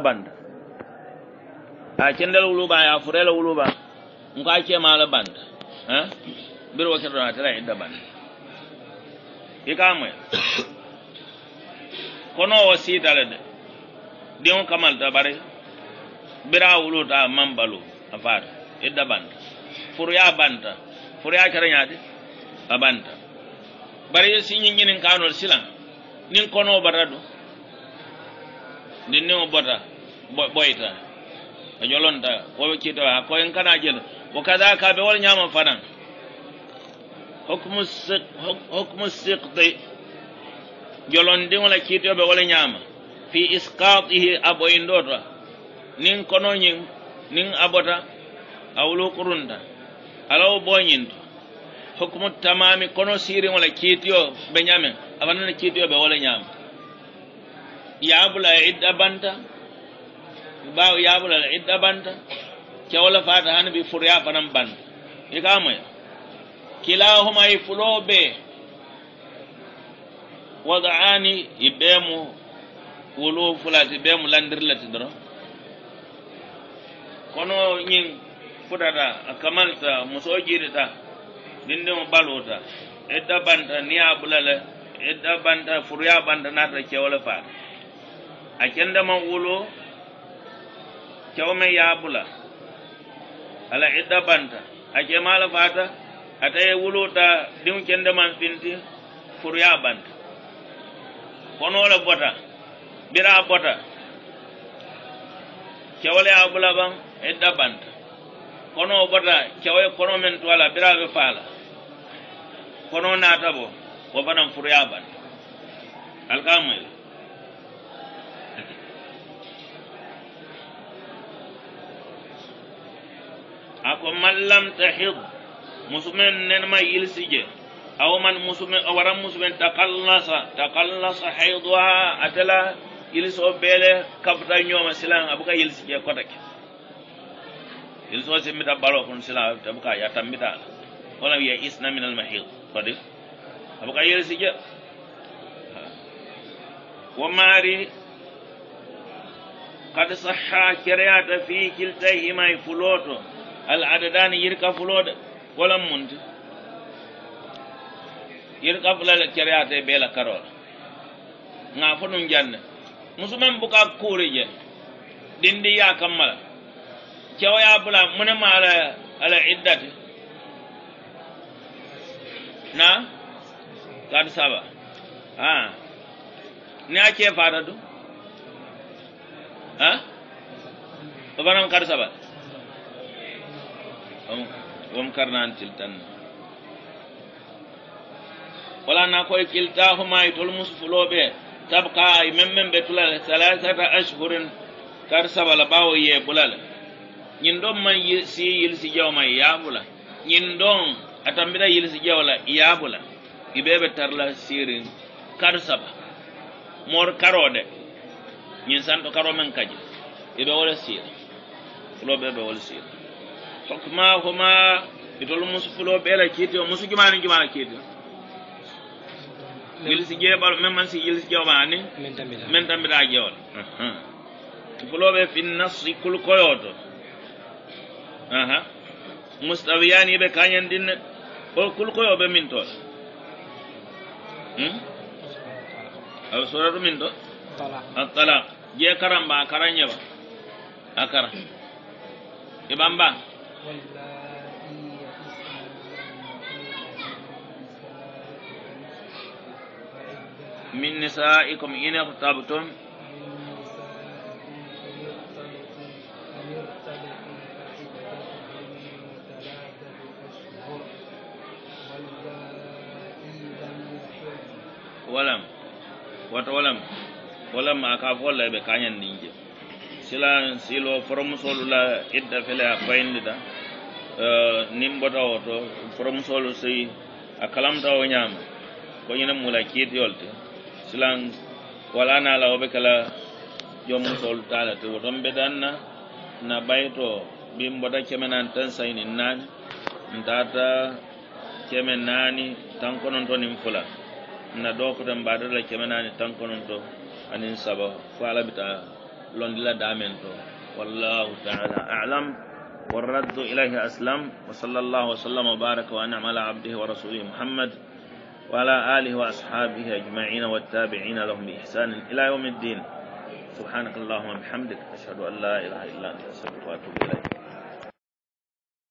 banda a kendal wuluba ya fure furela wuluba nko ake mala banda ha bir wa wakil na tara idda banda ka ikamwe kono wasi wasitale de diŋo da bare bira wuluta man balu idda banda idda ya banda banta ya karanya de a banda bare ye si ñiñinin kanol silan nin kono baradu nden ne o bota ɓoyta o jolonta woɓe cittowa koyen kana jel wo kada kaɓe wol ñama fanan hokmu sikde jolondiola cittoɓe wole ñama fi iskatihi aɓoyndota nin konoñin nin abota awlukurunta alawo boñinto hokmu tamami kono sirigola cittio ɓe ñame afanana cittoɓe wole ñama yaabula e idda banta ɓaw yaabula e idda banta kewla fata hani ɓe furya fanan banta i kamaya kilahuma e fulo ɓe wada'ani e ɓeemo wolo fulati ɓeemo landirlati doron kono ñin futata a kamalta muso jiɗita ɗin ndemo ɓalota e ɗabanta niya ɓulale e ɗabanta furya banta nata kewla fata a kendaman wulo mai ya bula ala banta a ke mala fata a ta yi wulo ta din kendaman finti ya banta kono la bota bira bota kyawale ya bula ban idda banta kono bota kyawaye kono min tuwala bira be fala kono na tabo wa furu ya banta alkamai ko man lam tahid musumen nen ma yilsije aw man musumen awaran musumen taqallasa taqallasa haydha atala yilso bele kabta nyoma silan abuka yilsije kotake yilso se mita balo kon silan abuka ya tambita wala ya isna min al mahid fadi abuka yilsije wa mari قد صحا كريات في كلتيهما فلوتو al'adadani yirka fulo da kolan munti yirka fula la kariya ta bela karol nga funun janna musuman buka kore je dindi ya kammala kewa ya bula muna ma ala ala iddati na kad saba ha ne ake fara du ha babanan kad saba womkarnan tiltan walanna koye kiltahuma e tol musu fuloɓe tabka e memmen ɓe tulal salasata ashhurin kar sabala ɓawo ye bulal ñin ɗon man si yilsi jawma e yabula ñin ɗon a tambita yilsi jawla yabula iɓeɓe tarla sirin kar saba mor karode ñin santo karo men hukma huma itol musu fulo bela kiiti o musu jumani jumana kiti yilisi jeɓal men man si yilisi jewmani men tambita jewol fuloɓe fi nasi kul to aha mustawiyani ɓe kañen ɗinne o kul koyoɓe min toon hmm? aw suratu min to atalak je karamba kara ñeɓa a kara iɓan ban من نسائكم إن اغتبتم ولم ولم ولم أكافوا الله بكاين نينجا سلا سيلو فرمسول الله إدى فلا أقوين لده Eh, nimbota o to foromsolu sey a kalamta o ñaama ko ñina mula kiitiyol te silan wala na la o ɓe kala jomusolu taala te woton ɓe danna na ɓayto bim bota keme nan tan sayni naani ntata keme naani tan kononto nin fula na ɗo koten mbaɗola keme naani tan kononto anin saba fo bita londila damen to wallahu taala alam والرد إليه أسلم وصلى الله وسلم وبارك وأنعم على عبده ورسوله محمد وعلى آله وأصحابه أجمعين والتابعين لهم بإحسان إلى يوم الدين سبحانك اللهم وبحمدك أشهد أن لا إله إلا أنت أستغفرك وأتوب إليك